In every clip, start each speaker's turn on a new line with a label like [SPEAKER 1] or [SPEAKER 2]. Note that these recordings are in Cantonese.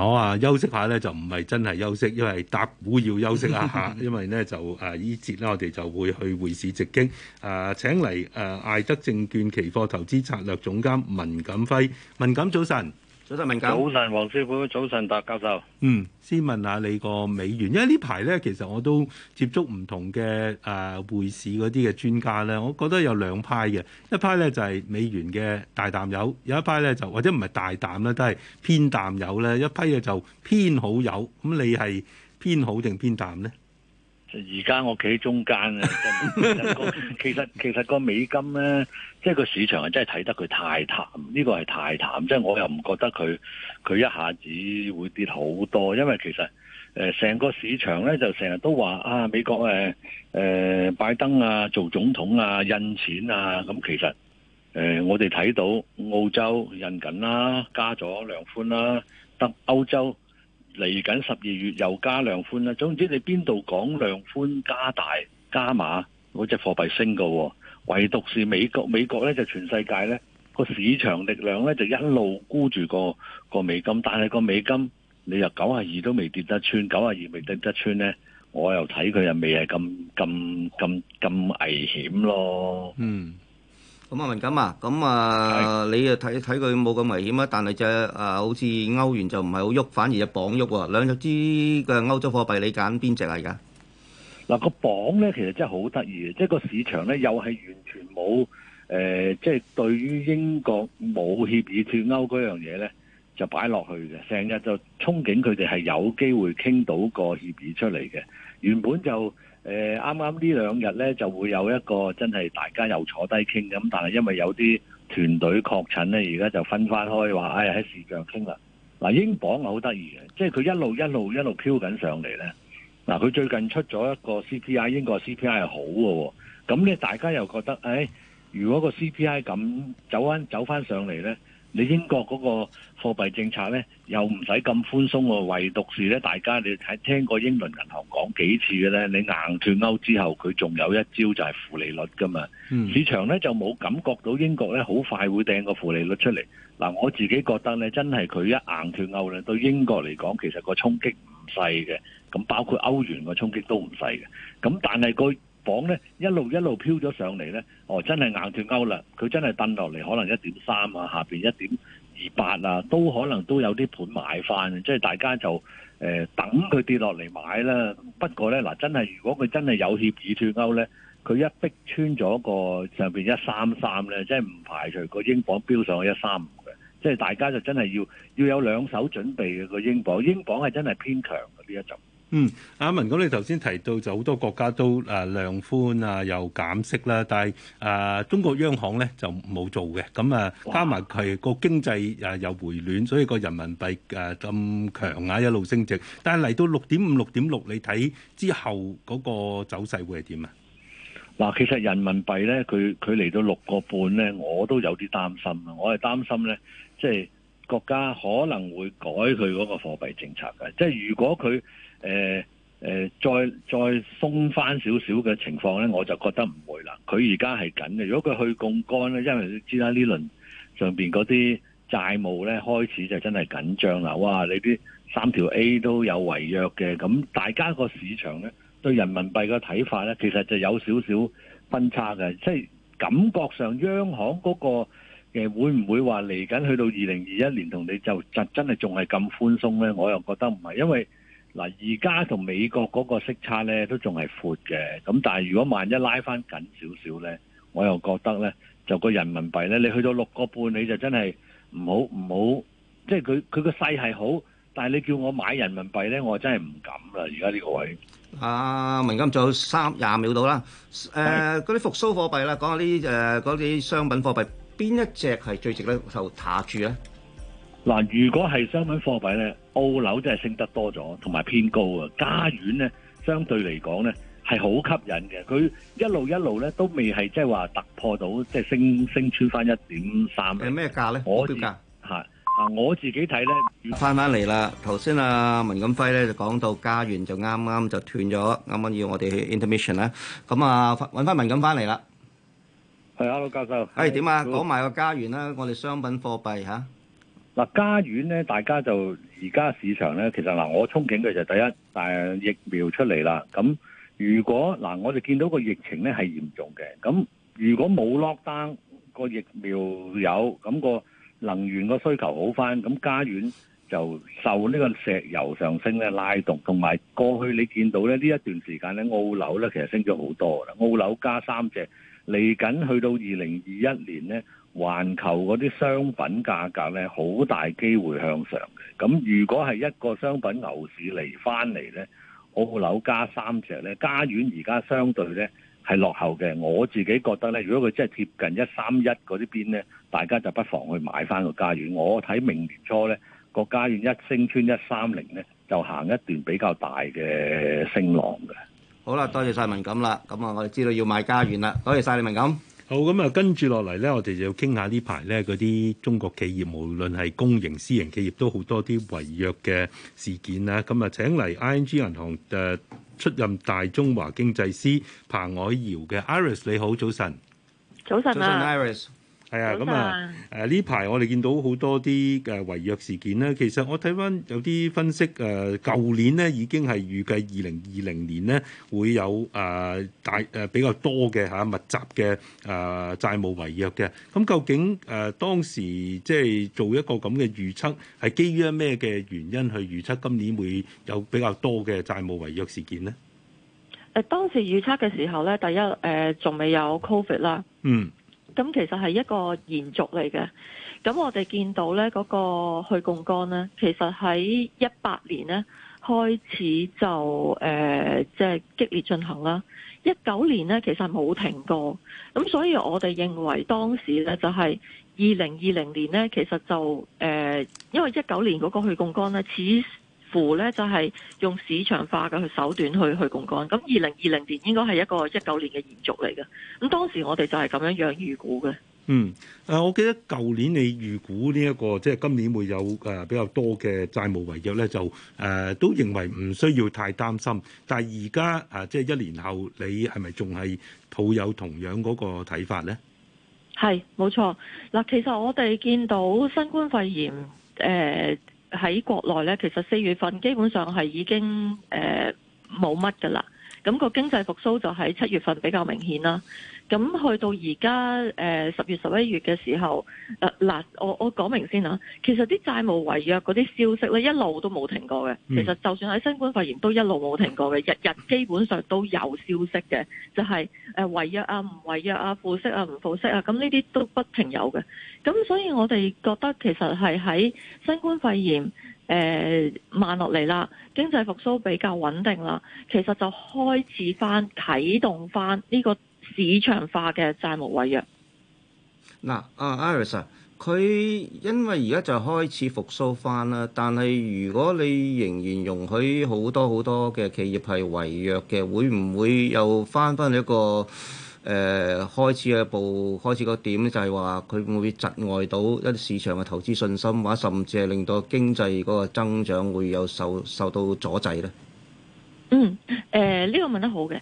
[SPEAKER 1] 我休息下呢，就唔係真係休息，因為搭鼓要休息一下， 因為呢，就誒呢節呢，我哋就會去匯市直擊，誒、啊、請嚟誒、啊、艾德證券期貨投資策略總監文錦輝，文錦早晨。早
[SPEAKER 2] 晨，明早晨，
[SPEAKER 1] 黃師傅。早晨，達教授。嗯，先問下你個美元，因為呢排咧，其實我都接觸唔同嘅誒、呃、匯市嗰啲嘅專家咧，我覺得有兩派嘅，一批咧就係美元嘅大淡友；有一批咧就或者唔係大淡啦，都係偏淡友。咧，一批嘅就偏好友。咁你係偏好定偏淡咧？
[SPEAKER 2] 而家我企喺中間啊， 其實其實個美金呢，即係個市場係真係睇得佢太淡，呢、這個係太淡，即、就、係、是、我又唔覺得佢佢一下子會跌好多，因為其實成、呃、個市場呢，就成日都話啊美國誒、呃、拜登啊做總統啊印錢啊，咁、嗯、其實誒、呃、我哋睇到澳洲印緊啦，加咗量寬啦，但歐洲嚟緊十二月又加量寬啦，總之你邊度講量寬加大，加，大加碼嗰隻貨幣升喎？唯獨是美國美國呢就全世界呢個市場力量呢，就一路沽住個個美金，但係個美金你又九廿二都未跌得穿，九廿二未跌得穿呢，我又睇佢又未係咁咁咁咁危險咯。嗯。
[SPEAKER 3] 咁啊，文錦啊，咁啊，你啊睇睇佢冇咁危險啊，但係就啊好似歐元就唔係好喐，反而只磅喐喎。兩隻支嘅歐洲貨幣，你揀邊隻啊？而家嗱個綁呢，其實真係好得意嘅，即係個市場呢，又係完全冇誒，即係對
[SPEAKER 2] 於英國冇協議脫歐嗰樣嘢呢。就擺落去嘅，成日就憧憬佢哋係有機會傾到個協議出嚟嘅。原本就誒啱啱呢兩日呢，就會有一個真係大家又坐低傾咁，但係因為有啲團隊確診呢，而家就分返開話，唉喺視像傾啦。嗱、啊，英鎊好得意嘅，即係佢一路一路一路飄緊上嚟呢。嗱、啊，佢最近出咗一個 CPI，英國的 CPI 係好嘅喎、哦。咁咧，大家又覺得，誒、哎，如果嗰個 CPI 咁走翻走翻上嚟呢？你英國嗰個貨幣政策咧，又唔使咁寬鬆喎，唯獨是咧，大家你睇，聽過英倫銀行講幾次嘅咧，你硬脱歐之後，佢仲有一招就係負利率噶嘛，
[SPEAKER 4] 市場
[SPEAKER 2] 咧就冇感覺到英國咧好快會掟個負利率出嚟。嗱，我自己覺得咧，真係佢一硬脱歐咧，對英國嚟講其實個衝擊唔細嘅，咁包括歐元個衝擊都唔細嘅，咁但係個。磅咧一路一路飄咗上嚟咧，哦，真係硬脱歐啦！佢真係掟落嚟，可能一點三啊，下邊一點二八啊，都可能都有啲盤買翻，即係大家就誒、呃、等佢跌落嚟買啦。不過咧，嗱，真係如果佢真係有協議脱歐咧，佢一逼穿咗個上邊一三三咧，即係唔排除個英鎊飆上去一三五嘅。即係大家就真係要要有兩手準備嘅個英鎊，英鎊係真係偏強嘅呢一陣。
[SPEAKER 1] 嗯，阿文哥，你頭先提到就好多國家都誒量寬啊，又減息啦，但係誒中國央行咧就冇做嘅。咁啊，加埋佢個經濟誒又回暖，所以個人民幣誒咁強啊一路升值。但係嚟到六點五、六點六，你睇之後嗰個走勢會係點啊？嗱，其實人民幣咧，佢佢嚟到六個半咧，我都有
[SPEAKER 2] 啲擔心啊。我係擔心咧，即係國家可能會改佢嗰個貨幣政策嘅。即係如果佢誒、呃、誒、呃，再再鬆翻少少嘅情況呢，我就覺得唔會啦。佢而家係緊嘅，如果佢去槓桿呢，因為你知啦，呢輪上邊嗰啲債務呢，開始就真係緊張啦。哇，你啲三條 A 都有違約嘅，咁大家個市場呢，對人民幣嘅睇法呢，其實就有少少分差嘅，即、就、係、是、感覺上央行嗰個誒會唔會話嚟緊去到二零二一年同你就真真係仲係咁寬鬆呢？我又覺得唔係，因為嗱，而家同美國嗰個息差咧都仲係闊嘅，咁但係如果萬一拉翻緊少少咧，我又覺得咧就個人民幣咧，你去到六個半你就真係唔好唔好，即係佢佢個勢係好，但係你叫我買人民幣咧，我真係唔敢啦！而家呢個位，
[SPEAKER 3] 啊，文錦仲有三廿秒到啦，誒嗰啲復甦貨幣啦，講下啲誒嗰啲商品貨幣邊一隻係最值得受打住咧？嗱，如果係商品貨幣咧。澳
[SPEAKER 2] 樓真係升得多咗，同埋偏高啊！加元咧，相對嚟講咧，係好吸引嘅。佢一路一路咧，都未係即係話突破到，即係升升穿翻一點三。係咩價咧？標價係啊！我自己睇咧，
[SPEAKER 3] 翻翻嚟啦。頭先啊，文錦輝咧就講到加元就啱啱就斷咗，啱啱要我哋去 intermission 啦。咁啊，揾翻文錦翻嚟啦。係，hello 教授。係點啊？講埋個加元啦，我哋商品貨幣吓。嗱，加元咧，大家就而家市
[SPEAKER 2] 場咧，其實嗱，我憧憬嘅就第一，但疫苗出嚟啦，咁如果嗱，我哋見到個疫情咧係嚴重嘅。咁如果冇 lock down，個疫苗有，咁個能源個需求好翻，咁加元就受呢個石油上升咧拉動，同埋過去你見到咧呢一段時間咧，澳紐咧其實升咗好多啦，澳紐加三隻。嚟緊去到二零二一年呢，環球嗰啲商品價格呢好大機會向上嘅。咁如果係一個商品牛市嚟返嚟呢，澳紐加三隻呢，加元而家相對呢係落後嘅。我自己覺得呢，如果佢真係接近一三一嗰啲邊呢，大家就不妨去買翻個加元。我睇明年初呢，個加元一升穿一三零呢，就行一段比較大嘅升浪嘅。
[SPEAKER 3] 好啦，多謝晒文錦
[SPEAKER 1] 啦，咁啊，我哋知道要買家園啦，多謝晒你文錦。好咁啊，跟住落嚟咧，我哋就要傾下呢排咧嗰啲中國企業，無論係公營、私營企業，都好多啲違約嘅事件啦。咁啊，請嚟 ING 銀行誒出任大中華經濟師彭藹嬈嘅 Iris，你好早晨。
[SPEAKER 4] 早晨
[SPEAKER 1] Iris。係啊，咁啊，誒呢排我哋見到好多啲誒違約事件咧。其實我睇翻有啲分析誒，舊年咧已經係預計二零二零年咧會有誒大誒比較多嘅嚇密集嘅誒債務違約嘅。咁究竟誒當時即係做一個咁嘅預測，係基於咩嘅原因去預測今年會有比較多嘅債務違約事件呢？
[SPEAKER 4] 誒當時預測嘅時候咧，第一誒仲未有 Covid 啦。嗯。咁其實係一個延續嚟嘅，咁我哋見到呢嗰、那個去槓桿呢，其實喺一八年呢開始就即係、呃就是、激烈進行啦。一九年呢其實冇停過，咁所以我哋認為當時呢就係二零二零年呢，其實就誒、呃、因為一九年嗰個去槓桿呢。附咧就係用市場化嘅手段去去槓桿，咁二零二零年應該係一個一九年嘅延續嚟嘅。咁當時我哋就係咁樣樣預估嘅。
[SPEAKER 1] 嗯，誒，我記得舊年你預估呢一個即係今年會有誒比較多嘅債務違約咧，就誒都認為唔需要太擔心。但係而家誒即係一年後，你係咪仲係抱有同樣嗰個睇法咧？
[SPEAKER 4] 係冇錯。嗱，其實我哋見到新冠肺炎誒。喺國內呢，其實四月份基本上係已經冇乜噶啦，咁、呃個經濟復甦就喺七月份比較明顯啦。咁去到而家，誒、呃、十月十一月嘅時候，誒、呃、嗱，我我講明先啊。其實啲債務違約嗰啲消息咧，一路都冇停過嘅。其實就算喺新冠肺炎都一路冇停過嘅，日日基本上都有消息嘅，就係、是、誒、呃、違約啊，唔違約啊，付息啊，唔付息啊，咁呢啲都不停有嘅。咁所以我哋覺得其實係喺新冠肺炎誒、呃、慢落嚟啦，經濟復甦比較穩定啦，其實就開始返啟動返呢、這個。
[SPEAKER 3] 市場化嘅債務違約。嗱、啊，阿 Iris，佢、啊、因為而家就開始復甦翻啦，但係如果你仍然容許好多好多嘅企業係違約嘅，會唔會又翻翻一個誒、呃、開始嘅步，開始個點，就係話佢會唔會窒礙到一啲市場嘅投資信心，或者甚至係令到經濟嗰個增長會有受受到阻滯咧？
[SPEAKER 4] 嗯，誒、呃、呢、這個問得好嘅，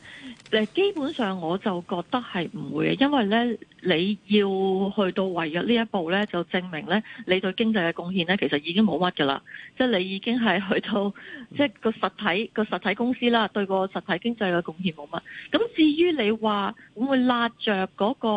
[SPEAKER 4] 呃，基本上我就覺得係唔會嘅，因為咧，你要去到違約呢一步咧，就證明咧，你對經濟嘅貢獻咧，其實已經冇乜嘅啦，即係你已經係去到即係個實體個實體公司啦，對個實體經濟嘅貢獻冇乜。咁至於你話會唔會拉着嗰、那個、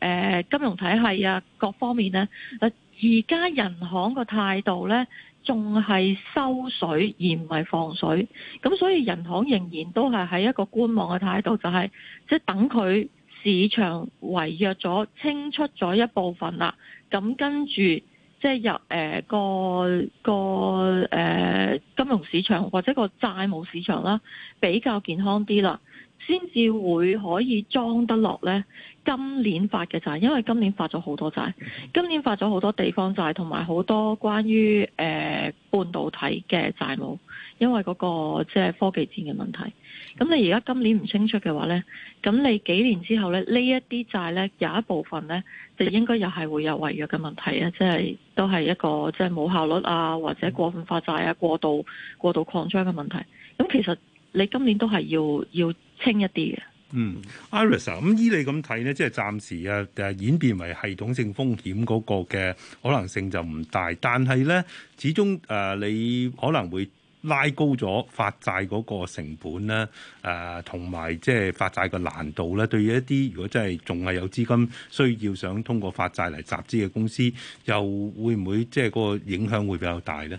[SPEAKER 4] 呃、金融體系啊各方面咧，呃、而家人行個態度咧？仲係收水，而唔係放水，咁所以人行仍然都係喺一個觀望嘅態度，就係即係等佢市場違約咗清出咗一部分啦，咁跟住即係入誒個個誒、呃、金融市場或者個債務市場啦，比較健康啲啦。先至會可以裝得落呢。今年發嘅債，因為今年發咗好多債，今年發咗好多地方債，同埋好多關於誒、呃、半導體嘅債務，因為嗰、那個即係、就是、科技戰嘅問題。咁你而家今年唔清楚嘅話呢，咁你幾年之後呢，呢一啲債呢，有一部分呢，就應該又係會有違約嘅問題啊，即、就、係、是、都係一個即係冇效率啊，或者過分發債啊、過度過度擴張嘅問題。咁其實你今年都係要要。要
[SPEAKER 1] 輕一啲嘅，嗯，Iris 咁依你咁睇咧，即係暫時啊，誒演變為系統性風險嗰個嘅可能性就唔大，但係咧始終誒你可能會拉高咗發債嗰個成本啦，誒同埋即係發債嘅難度咧，對於一啲如果真係仲係有資金需要想通過發債嚟集資嘅公司，又會唔會即係嗰個影響會比較大咧？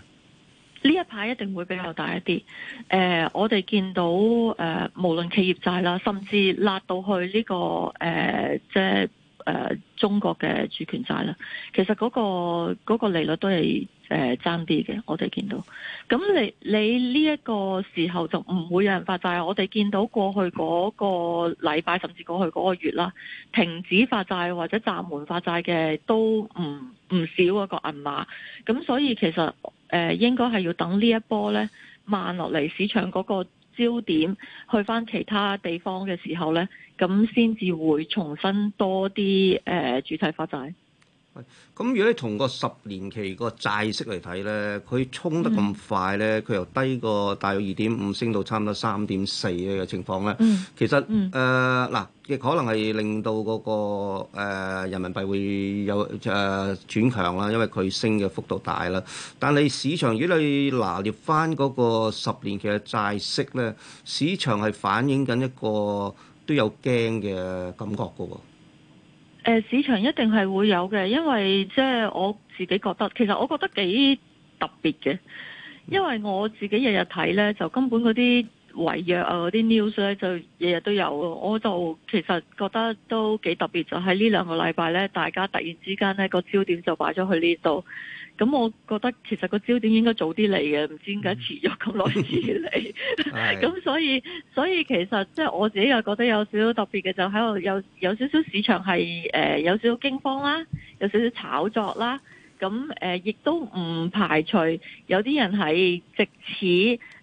[SPEAKER 4] 呢一排一定會比較大一啲，誒，我哋見到誒，無論企業債啦，甚至辣到去呢個誒，即係誒中國嘅主權債啦，其實嗰個嗰個利率都係誒爭啲嘅，我哋見到。咁你你呢一個時候就唔會有人發債，我哋見到過去嗰個禮拜甚至過去嗰個月啦，停止發債或者暫緩發債嘅都唔唔少啊個銀碼，咁所以其實。誒應該係要等呢一波呢慢落嚟，市場嗰個焦點去翻其他地方嘅時候呢，咁先至會重新多啲、呃、主題發債。
[SPEAKER 3] 咁如果你同個十年期個債息嚟睇咧，佢衝得咁快咧，佢、嗯、由低個大約二點五升到差唔多三點四呢個情況咧、嗯，其實誒嗱，亦、嗯呃、可能係令到嗰、那個、呃、人民幣會有誒、呃、轉強啦，因為佢升嘅幅度大啦。但係市場如果你拿捏翻嗰個十年期嘅債息咧，市場係反映緊一個都有驚嘅感覺㗎喎。
[SPEAKER 4] 誒，市場一定係會有嘅，因為即係我自己覺得，其實我覺得幾特別嘅，因為我自己日日睇呢，就根本嗰啲違約啊嗰啲 news 呢，就日日都有，我就其實覺得都幾特別，就喺呢兩個禮拜呢，大家突然之間呢個焦點就擺咗去呢度。咁我覺得其實個焦點應該早啲嚟嘅，唔知點解遲咗咁耐先嚟。咁 所以所以其實即係我自己又覺得有少少特別嘅，就喺度有有少少市場係誒、呃、有少少驚慌啦，有少少炒作啦。咁、嗯、亦、呃、都唔排除有啲人係直此誒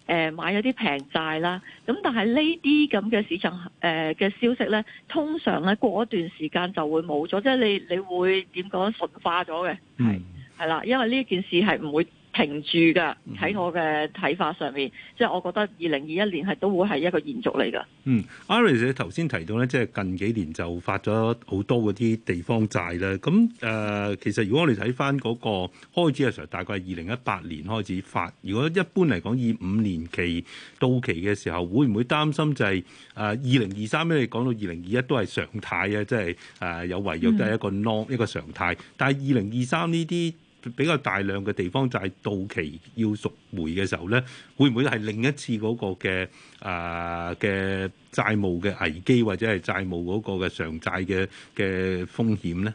[SPEAKER 4] 買咗啲平債啦。咁但係呢啲咁嘅市場誒嘅、呃、消息咧，通常咧過一段時間就會冇咗，即係你你會點講純化咗嘅， 係。係啦，因為呢件事係唔會停住噶，喺我嘅睇法上面，即、嗯、係、就是、我覺得二零二一年係都會係一個延續嚟
[SPEAKER 1] 噶。嗯 Iris 你頭先提到咧，即、就、係、是、近幾年就發咗好多嗰啲地方債啦。咁誒、呃，其實如果我哋睇翻嗰個開始嘅時候，Sir, 大概係二零一八年開始發。如果一般嚟講，以五年期到期嘅時候，會唔會擔心就係誒二零二三？因、呃、你講到二零二一都係常態啊，即係誒有違約都係一個 norm、嗯、g 一個常態。但係二零二三呢啲，比較大量嘅地方債，到期要贖回嘅時候呢，會唔會係另一次嗰個嘅啊嘅債務嘅危機或者係債務嗰個嘅償債嘅嘅風險呢？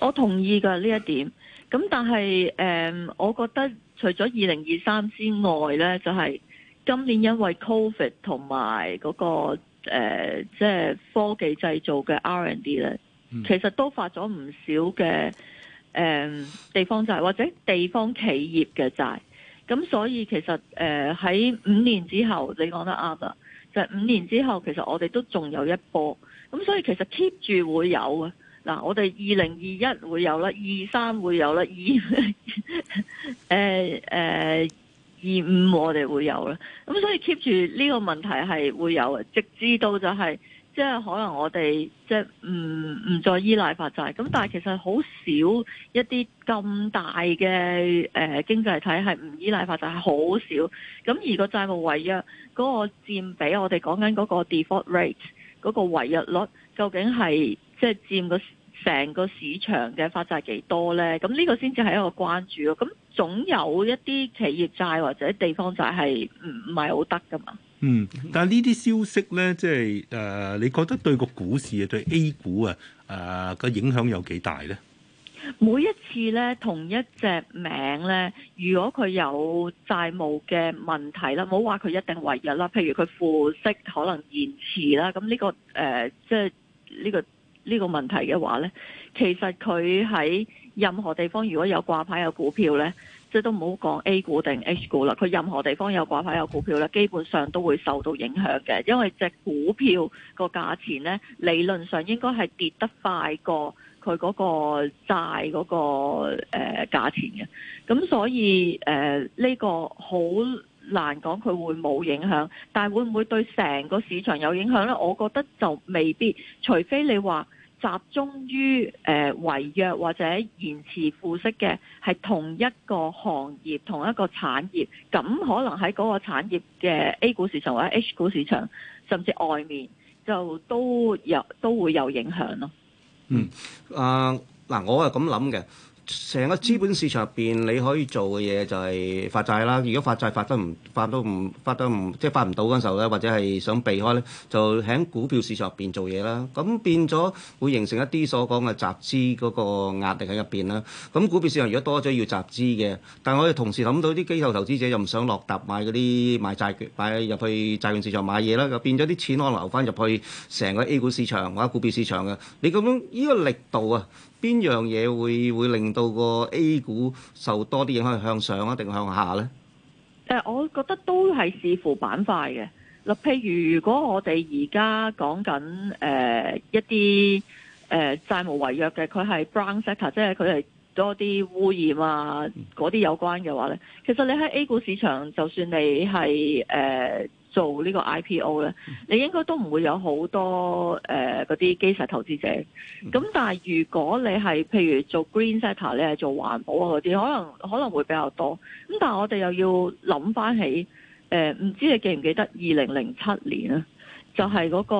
[SPEAKER 4] 我同意嘅呢一點，咁但係誒、嗯，我覺得除咗二零二三之外呢就係、是、今年因為 Covid 同埋嗰個即係、呃就是、科技製造嘅 R&D 呢，其實都發咗唔少嘅。誒、嗯、地方債或者地方企業嘅債，咁所以其實誒喺、呃、五年之後，你講得啱啦。就係、五年之後，其實我哋都仲有一波，咁所以其實 keep 住會有啊。嗱，我哋二零二一會有啦，二三、 呃呃、會有啦，二誒二五我哋會有啦。咁所以 keep 住呢個問題係會有嘅，直至到就係、係。即係可能我哋即係唔唔再依賴發債，咁但係其實好少一啲咁大嘅誒經濟體係唔依賴發債，係好少。咁而個債務違約嗰個佔比，我哋講緊嗰個 default rate 嗰個違約率，究竟係即係佔個成個市場嘅發債幾多呢？咁呢個先至係一個關注咯。咁總有一啲企業債或者地方債係唔唔係好得噶嘛？
[SPEAKER 1] 嗯，但係呢啲消息呢，即係誒、呃，你覺得對個股市啊，對 A 股啊，誒、呃、個影響有幾大呢？
[SPEAKER 4] 每一次呢，同一隻名呢，如果佢有債務嘅問題啦，冇話佢一定違約啦，譬如佢付息可能延遲啦，咁呢、這個誒、呃，即係、這、呢個呢、這個問題嘅話呢，其實佢喺任何地方如果有掛牌有股票呢。即都唔好講 A 股定 H 股啦，佢任何地方有掛牌有股票咧，基本上都會受到影響嘅，因為隻股票個價錢咧，理論上應該係跌得快過佢嗰個債嗰個誒價錢嘅。咁所以誒呢個好難講佢會冇影響，但係會唔會對成個市場有影響咧？我覺得就未必，除非你話。集中於誒、呃、違約或者延遲付息嘅係同一個行業、同一個產業，咁可能喺嗰個產業嘅 A 股市場或者 H 股市場，甚至外面就都有都會有影響咯。嗯，
[SPEAKER 3] 啊、呃、嗱，我係咁諗嘅。成個資本市場入邊，你可以做嘅嘢就係發債啦。如果發債發得唔發都唔發都唔即係發唔到嗰陣時候咧，或者係想避開咧，就喺股票市場入邊做嘢啦。咁變咗會形成一啲所講嘅集資嗰個壓力喺入邊啦。咁股票市場如果多咗要集資嘅，但我哋同時諗到啲機構投資者又唔想落踏買嗰啲買債券，買入去債券市場買嘢啦，又變咗啲錢可能留翻入去成個 A 股市場或者股票市場嘅。你咁樣依個力度啊！邊樣嘢會會令到個 A 股受多啲影響向上啊，定向下呢、
[SPEAKER 4] 呃？我覺得都係視乎板塊嘅。嗱、呃，譬如如果我哋而家講緊誒一啲誒、呃、債務違約嘅，佢係 brown sector，即係佢係多啲污染啊嗰啲有關嘅話呢，其實你喺 A 股市場，就算你係誒。呃做呢個 IPO 呢，你應該都唔會有好多誒嗰啲基石投資者。咁但係如果你係譬如做 green sector，你係做環保啊嗰啲，可能可能會比較多。咁但係我哋又要諗翻起誒，唔知你記唔記得二零零七年啊，就係嗰個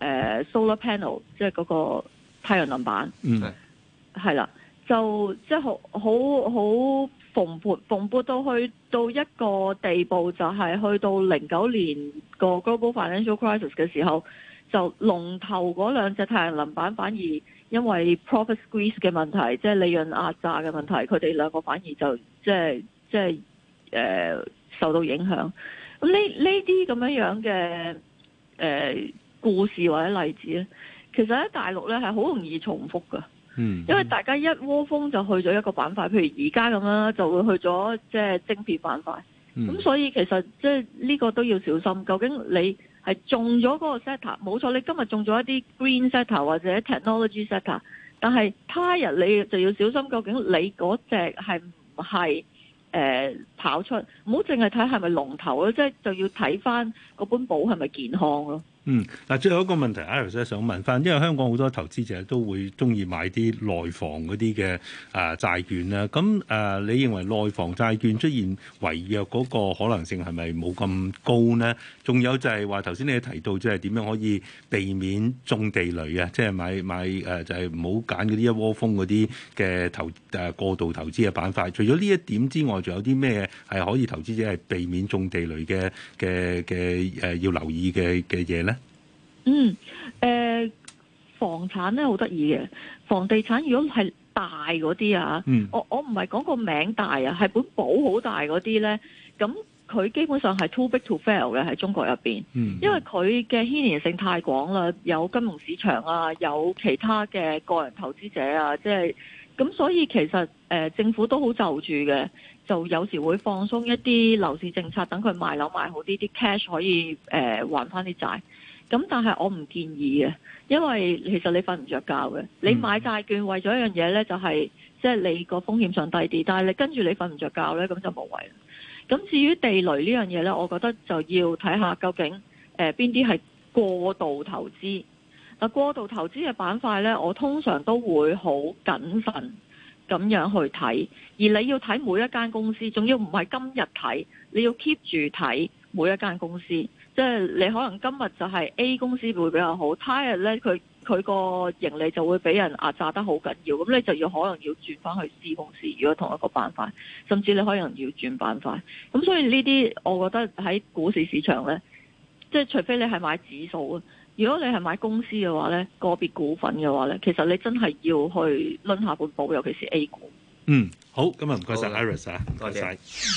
[SPEAKER 4] 誒 solar panel，即係嗰個太陽能板
[SPEAKER 2] ，mm-hmm。
[SPEAKER 4] 係啦，就即係好好好。蓬勃蓬勃到去到一個地步，就係去到零九年個 Global Financial Crisis 嘅時候，就龍頭嗰兩隻太陽能板反而因為 Profit squeeze 嘅問題，即係利潤壓榨嘅問題，佢哋兩個反而就即係即係、呃、受到影響。咁呢呢啲咁樣樣嘅、呃、故事或者例子咧，其實喺大陸咧係好容易重複㗎。嗯，因為大家一窩蜂就去咗一個板塊，譬如而家咁樣就會去咗即係晶片板塊。咁、嗯、所以其實即係呢、這個都要小心，究竟你係中咗嗰個 sector，冇錯，你今日中咗一啲 green sector 或者 technology sector，但係他日你就要小心，究竟你嗰隻係唔係誒跑出？唔好淨係睇係咪龍頭咯，即係就要睇翻個本簿係咪健康咯。
[SPEAKER 1] 嗯，嗱，最後一個問題，阿 Rosie 想問翻，因為香港好多投資者都會中意買啲內房嗰啲嘅啊債券啦。咁、呃、你認為內房債券出現違約嗰個可能性係咪冇咁高呢？仲有就係話頭先你提到，即係點樣可以避免中地雷啊？即、就、係、是、買買就係唔好揀嗰啲一窩蜂嗰啲嘅投過度投資嘅板塊。除咗呢一點之外，仲有啲咩係可以投資者係避免中地雷嘅嘅嘅要留意嘅嘅嘢咧？
[SPEAKER 4] 嗯、呃，房產咧好得意嘅，房地產如果係大嗰啲啊，我我唔係講個名大啊，係本簿好大嗰啲咧，咁佢基本上係 too big to fail 嘅喺中國入面，因為佢嘅牽連性太廣啦，有金融市場啊，有其他嘅個人投資者啊，即係咁，所以其實、呃、政府都好就住嘅，就有時會放鬆一啲樓市政策，等佢賣樓賣好啲，啲 cash 可以誒、呃、還翻啲債。咁但係我唔建議嘅，因為其實你瞓唔着覺嘅。你買債券為咗一樣嘢呢，就係即係你個風險上低啲。但係你跟住你瞓唔着覺呢，咁就無謂。咁至於地雷呢樣嘢呢，我覺得就要睇下究竟誒邊啲係過度投資。過、啊、過度投資嘅板塊呢，我通常都會好謹慎咁樣去睇。而你要睇每一間公司，仲要唔係今日睇，你要 keep 住睇每一間公司。即係你可能今日就係 A 公司會比較好，他日咧佢，佢個盈利就會俾人壓榨得好緊要，咁你就要可能要轉翻去 C 公司，如果同一個板塊，甚至你可能要轉板塊。咁所以呢啲，我覺得喺股市市場咧，即係除非你係買指數啊，如果你係買公司嘅話咧，個別股份嘅話咧，其實你真係要去拎下本部，尤其是 A 股。嗯，
[SPEAKER 1] 好，今日唔該晒，Iris 啊，唔該晒。謝謝。